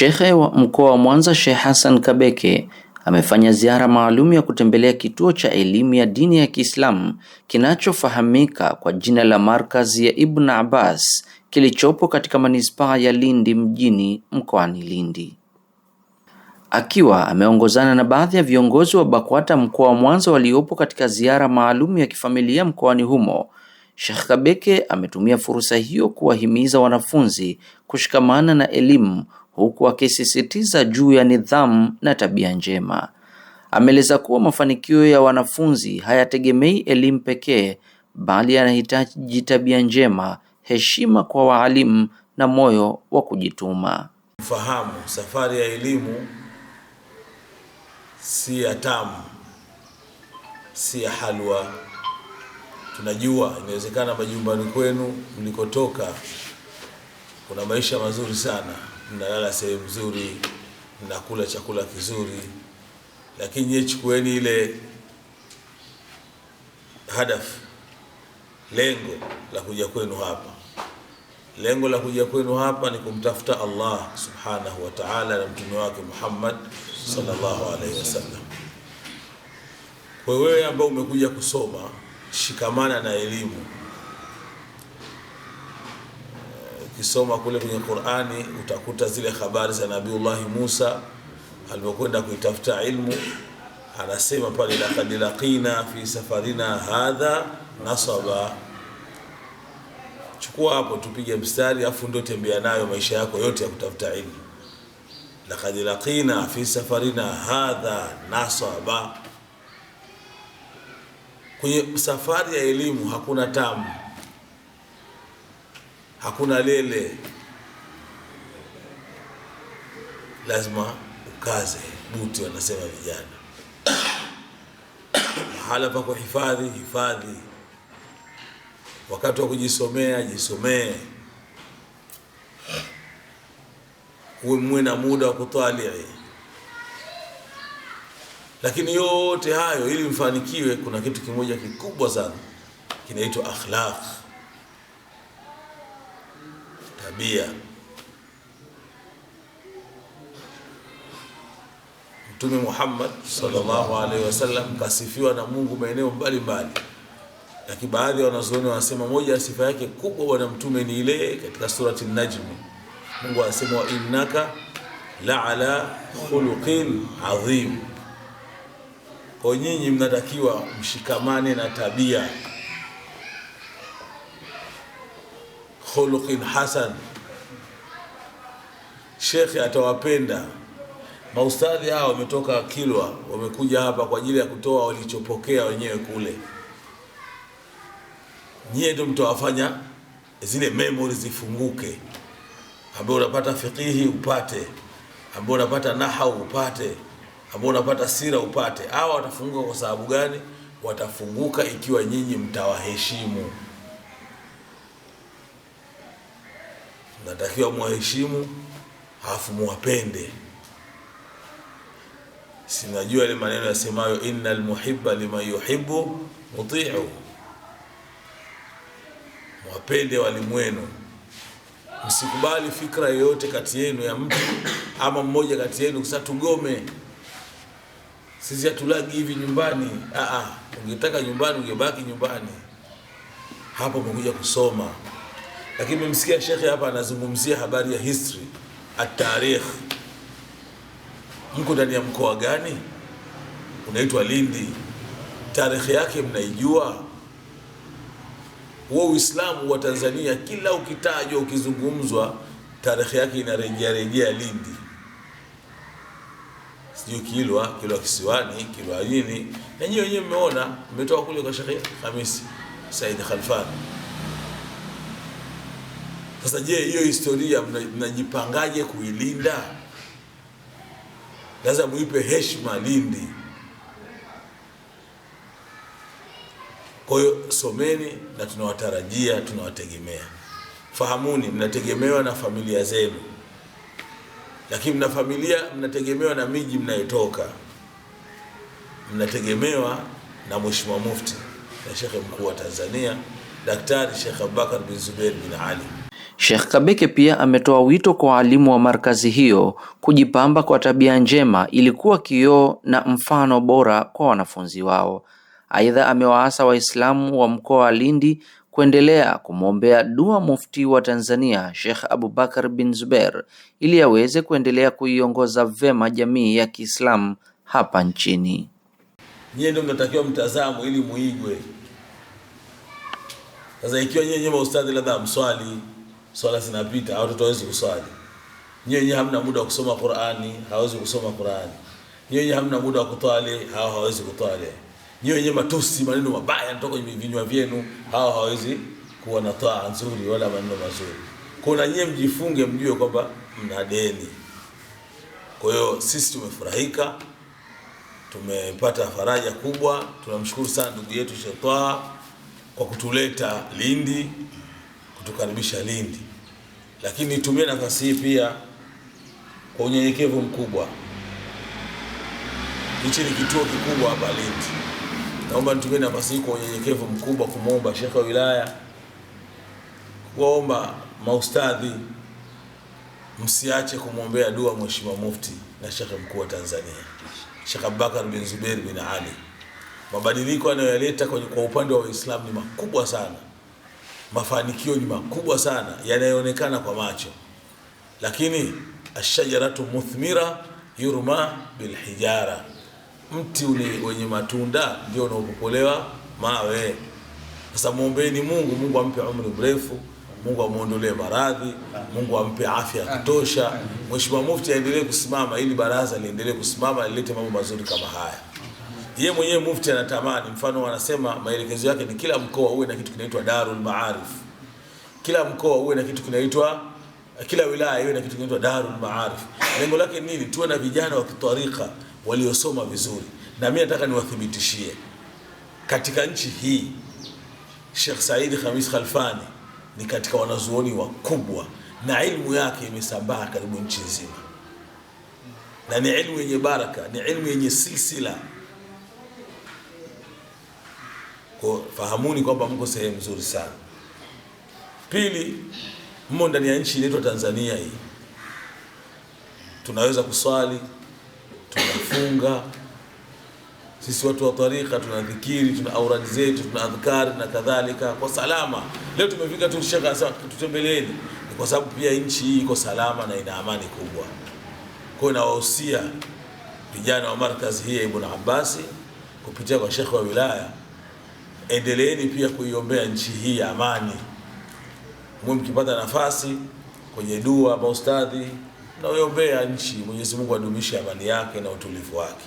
Shekhe wa mkoa wa Mwanza Sheikh Hassan Kabeke amefanya ziara maalum ya kutembelea kituo cha elimu ya dini ya Kiislamu kinachofahamika kwa jina la Markazi ya Ibn Abbas kilichopo katika manispaa ya Lindi mjini mkoani Lindi. Akiwa ameongozana na baadhi ya viongozi wa BAKWATA mkoa wa Mwanza waliopo katika ziara maalum ya kifamilia mkoani humo, Sheikh Kabeke ametumia fursa hiyo kuwahimiza wanafunzi kushikamana na elimu huku akisisitiza juu ya nidhamu na tabia njema. Ameeleza kuwa mafanikio ya wanafunzi hayategemei elimu pekee, bali yanahitaji tabia njema, heshima kwa waalimu na moyo wa kujituma. Fahamu safari ya elimu si ya tamu, si ya halwa. Tunajua inawezekana majumbani kwenu mlikotoka kuna maisha mazuri sana mnalala sehemu nzuri, mnakula chakula kizuri, lakini nyie chukueni ile hadafu, lengo la kuja kwenu hapa. Lengo la kuja kwenu hapa ni kumtafuta Allah subhanahu wa ta'ala na mtume wake Muhammad sallallahu alaihi wasallam. Kwa wewe ambao umekuja kusoma, shikamana na elimu Ukisoma kule kwenye Qur'ani utakuta zile habari za Nabiullahi Musa alipokwenda kuitafuta ilmu, anasema pale laqad laqina fi safarina hadha nasaba. Chukua hapo tupige mstari, afu ndio tembea nayo maisha yako yote ya kutafuta ilmu. Laqad laqina fi safarina hadha nasaba. Kwenye safari ya elimu hakuna tamu hakuna lele, lazima ukaze buti, wanasema vijana. Mahala pa kuhifadhi hifadhi, wakati wa kujisomea jisomee, uwe mwe na muda wa kutwalii. Lakini yote hayo ili mfanikiwe, kuna kitu kimoja kikubwa sana kinaitwa akhlaq tabia. Mtume Muhammad sallallahu alaihi wasallam kasifiwa na Mungu maeneo mbalimbali, lakini baadhi ya wanazuoni wanasema moja ya sifa yake kubwa bwana mtume ni ile katika surati Najm, Mungu anasema wa innaka la ala khuluqin adhim, kwa nyinyi mnatakiwa mshikamane na tabia khuluqin hasan shekhe atawapenda maustadhi hao. Wametoka Kilwa, wamekuja hapa kwa ajili ya kutoa walichopokea wenyewe kule. Nyie ndio mtawafanya zile memory zifunguke, ambao unapata fikihi upate, ambao unapata nahau upate, ambao unapata sira upate. Hawa watafunguka kwa sababu gani? Watafunguka ikiwa nyinyi mtawaheshimu. Natakiwa mwaheshimu halafu muwapende. Sinajua ile maneno yasemayo innal muhibba liman yuhibbu muti'u, mwapende wenu. Msikubali fikra yoyote kati yenu ya mtu ama mmoja kati yenu kusa tugome, sisi hatulagi hivi nyumbani. Aa, ungetaka nyumbani ungebaki nyumbani. Hapo umekuja kusoma, lakini mmesikia shekhe hapa anazungumzia habari ya history Atarikh, mko ndani ya mkoa gani? Unaitwa Lindi, tarehe yake mnaijua? Huo Uislamu wa Tanzania, kila ukitajwa, ukizungumzwa, tarehe yake inarejea rejea Lindi, sijui Kilwa, Kilwa Kisiwani, Kilwa nini. Na nyinyi wenyewe mmeona, mmetoka kule kwa Sheikh Hamisi Said khalfani sasa je, hiyo historia mnajipangaje kuilinda? Lazima muipe heshima Lindi. Kwa hiyo someni, na tunawatarajia, tunawategemea. Fahamuni mnategemewa na familia zenu, lakini mna familia, mnategemewa na miji mnayotoka, mnategemewa na Mheshimiwa Mufti na Shekhe Mkuu wa Tanzania Daktari Shekh Abubakar bin Zubeir bin Ali. Sheikh Kabeke pia ametoa wito kwa walimu wa markazi hiyo kujipamba kwa tabia njema ili kuwa kioo na mfano bora kwa wanafunzi wao. Aidha, amewaasa Waislamu wa mkoa wa Lindi kuendelea kumwombea dua mufti wa Tanzania Sheikh Abubakar bin Zuber ili aweze kuendelea kuiongoza vema jamii ya Kiislamu hapa nchini. Nyie ndio mnatakiwa mtazamo ili muigwe. Sasa ikiwa nyinyi maustadhi labda mswali swala zinapita, watoto hawezi kuswali. Nyenye hamna muda wa kusoma Qur'ani, hawezi kusoma Qur'ani. Nyenye hamna muda wa kutwali, hao hawezi kutwali. Nyenye wenye matusi, maneno mabaya yanatoka kwenye vinywa vyenu, hao hawezi kuwa na taa nzuri wala maneno mazuri. Kuna nyenye mjifunge, mjue kwamba mna deni. Kwa hiyo sisi tumefurahika, tumepata faraja kubwa. Tunamshukuru sana ndugu yetu Shetwa kwa kutuleta Lindi tukaribisha Lindi, lakini nitumie nafasi hii pia kwa unyenyekevu mkubwa. Hichi ni kituo kikubwa hapa Lindi. Naomba nitumie nafasi hii kwa unyenyekevu mkubwa kumwomba Sheikh wa wilaya, kuomba maustadhi, msiache kumwombea dua Mheshimiwa Mufti na Sheikh mkuu wa Tanzania Sheikh Abubakar bin Zubair bin Ali. Mabadiliko anayoyaleta kwa upande wa Uislamu ni makubwa sana mafanikio ni makubwa sana yanayoonekana kwa macho, lakini ashajaratu muthmira yurma bilhijara, mti ule wenye matunda ndio unaopokolewa mawe. Sasa muombeeni Mungu, Mungu ampe umri mrefu, Mungu amuondolee maradhi, Mungu ampe afya ya kutosha. Mheshimiwa Mufti aendelee kusimama ili baraza liendelee kusimama lilete mambo mazuri kama haya yeye mwenyewe mufti anatamani, mfano wanasema maelekezo yake ni kila mkoa uwe na kitu kinaitwa darul maarif, kila mkoa uwe na kitu kinaitwa kila wilaya iwe na kitu kinaitwa darul maarif. Lengo lake nini? Tuwe na vijana wa kitwarika waliosoma vizuri, na mimi nataka niwathibitishie katika nchi hii Sheikh Said Khamis Khalfani ni katika wanazuoni wakubwa na ilmu yake imesambaa karibu nchi nzima, na ni ilmu yenye baraka, ni ilmu yenye silsila Kwa fahamuni kwamba mko sehemu nzuri sana. Pili, mmo ndani ya nchi inaitwa Tanzania hii. Tunaweza kuswali, tunafunga. Sisi watu wa tarika tunadhikiri, tuna auradi zetu, tuna adhkari na kadhalika kwa salama. Leo tumefika tu Sheikh Hassan tutembeleeni kwa sababu pia nchi hii iko salama na ina amani kubwa. Kwa hiyo nawahusia vijana wa markazi hii ya Ibn Abbas kupitia kwa Sheikh wa wilaya endeleeni pia kuiombea nchi hii ya amani. Mwe mkipata nafasi kwenye dua, maustadhi naiombea nchi, Mwenyezi Mungu adumishe amani yake na utulivu wake.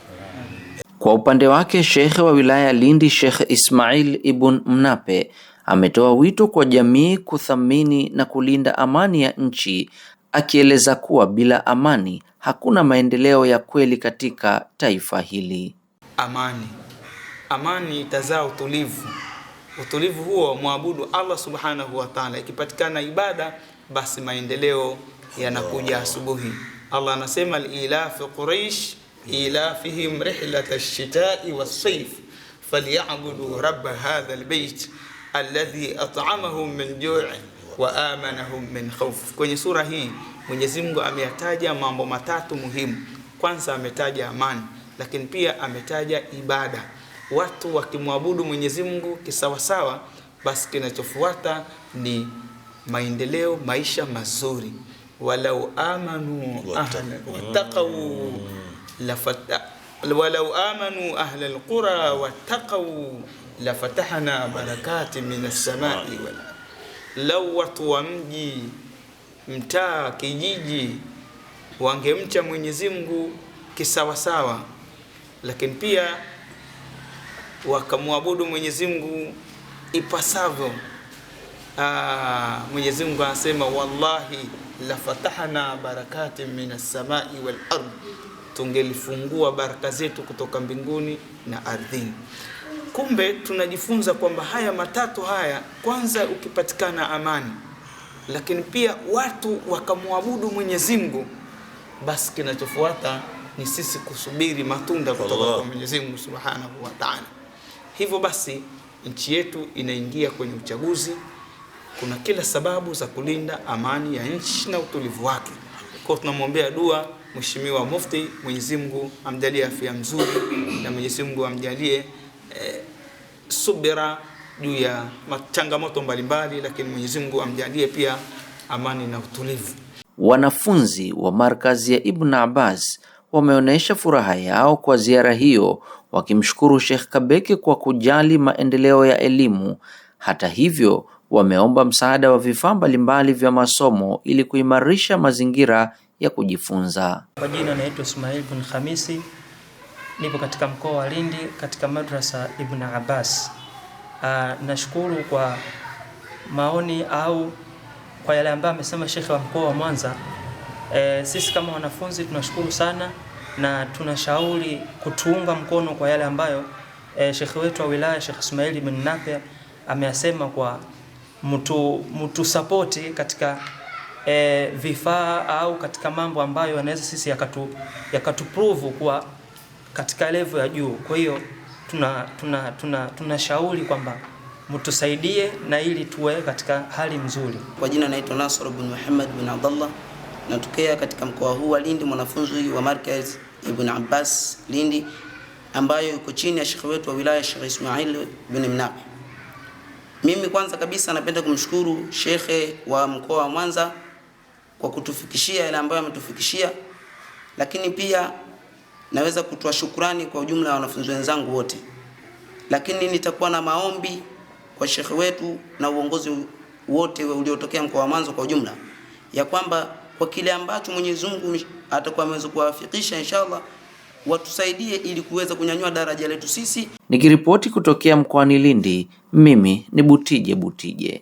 Kwa upande wake, Sheikh wa wilaya Lindi Sheikh Ismail Ibn Mnape ametoa wito kwa jamii kuthamini na kulinda amani ya nchi, akieleza kuwa bila amani hakuna maendeleo ya kweli katika taifa hili. Amani amani itazaa utulivu. Utulivu huo mwabudu Allah subhanahu wa ta'ala. Ikipatikana ibada, basi maendeleo yanakuja asubuhi. Allah anasema lilafi Quraish ilafihim rihlata lshitai wassayf falyabudu rabb hadha lbeit alladhi at'amahum min jui wa amanahum min khawf. Kwenye sura hii Mwenyezi Mungu ameyataja mambo matatu muhimu. Kwanza ametaja amani, lakini pia ametaja ibada watu wakimwabudu Mwenyezi Mungu kisawasawa, basi kinachofuata ni maendeleo, maisha mazuri. walau amanu wattaqau walau amanu ahla alqura wattaqau lafatahna barakati min samai wal lau watu wa mji, mtaa, kijiji wangemcha Mwenyezi Mungu kisawasawa, lakini pia wakamwabudu Mwenyezi Mungu ipasavyo. Ah, Mwenyezi Mungu anasema wallahi la fatahna barakatin minas samai wal ard, tungelifungua baraka zetu kutoka mbinguni na ardhini. Kumbe tunajifunza kwamba haya matatu haya, kwanza ukipatikana amani, lakini pia watu wakamwabudu Mwenyezi Mungu, basi kinachofuata ni sisi kusubiri matunda kutoka kwa Mwenyezi Mungu Subhanahu wa Ta'ala. Hivyo basi nchi yetu inaingia kwenye uchaguzi, kuna kila sababu za kulinda amani ya nchi na utulivu wake. Kwa tunamwombea dua Mheshimiwa Mufti, Mwenyezi Mungu amjalie afya nzuri na Mwenyezi Mungu amjalie eh, subira juu ya changamoto mbalimbali, lakini Mwenyezi Mungu amjalie pia amani na utulivu. Wanafunzi wa markazi ya Ibn Abbas wameonyesha furaha yao kwa ziara hiyo wakimshukuru Sheikh Kabeke kwa kujali maendeleo ya elimu. Hata hivyo, wameomba msaada wa vifaa mbalimbali vya masomo ili kuimarisha mazingira ya kujifunza. Kwa jina naitwa Ismail bin Khamisi, nipo katika mkoa wa Lindi katika madrasa Ibn Abbas. Uh, nashukuru kwa maoni au kwa yale ambayo amesema Sheikh wa mkoa wa Mwanza. E, sisi kama wanafunzi tunashukuru sana na tunashauri kutuunga mkono kwa yale ambayo e, eh, shekhi wetu wa wilaya Sheikh Ismail bin Nape ameyasema kwa mtu mtu sapoti katika e, vifaa au katika mambo ambayo yanaweza sisi yakatu yakatuprove kuwa katika level ya juu. Kwa hiyo tuna tuna tunashauri kwamba mtusaidie na ili tuwe katika hali nzuri. Kwa jina naitwa Nasr bin Muhammad bin Abdullah inatokea katika mkoa huu wa Lindi, mwanafunzi huyu wa Markaz Ibn Abbas Lindi, ambayo yuko chini ya shekhe wetu wa wilaya Sheikh Ismail bin Mnaq. Mimi kwanza kabisa napenda kumshukuru shekhe wa mkoa wa Mwanza kwa kutufikishia yale ambayo ametufikishia, lakini pia naweza kutoa shukrani kwa ujumla wa wanafunzi wenzangu wote, lakini nitakuwa na maombi kwa shekhe wetu na uongozi wote uliotokea mkoa wa Mwanza kwa ujumla ya kwamba kwa kile ambacho Mwenyezi Mungu atakuwa ameweza kuwafikisha inshallah, watusaidie ili kuweza kunyanyua daraja letu sisi. Nikiripoti kutokea mkoani Lindi, mimi ni Butije Butije.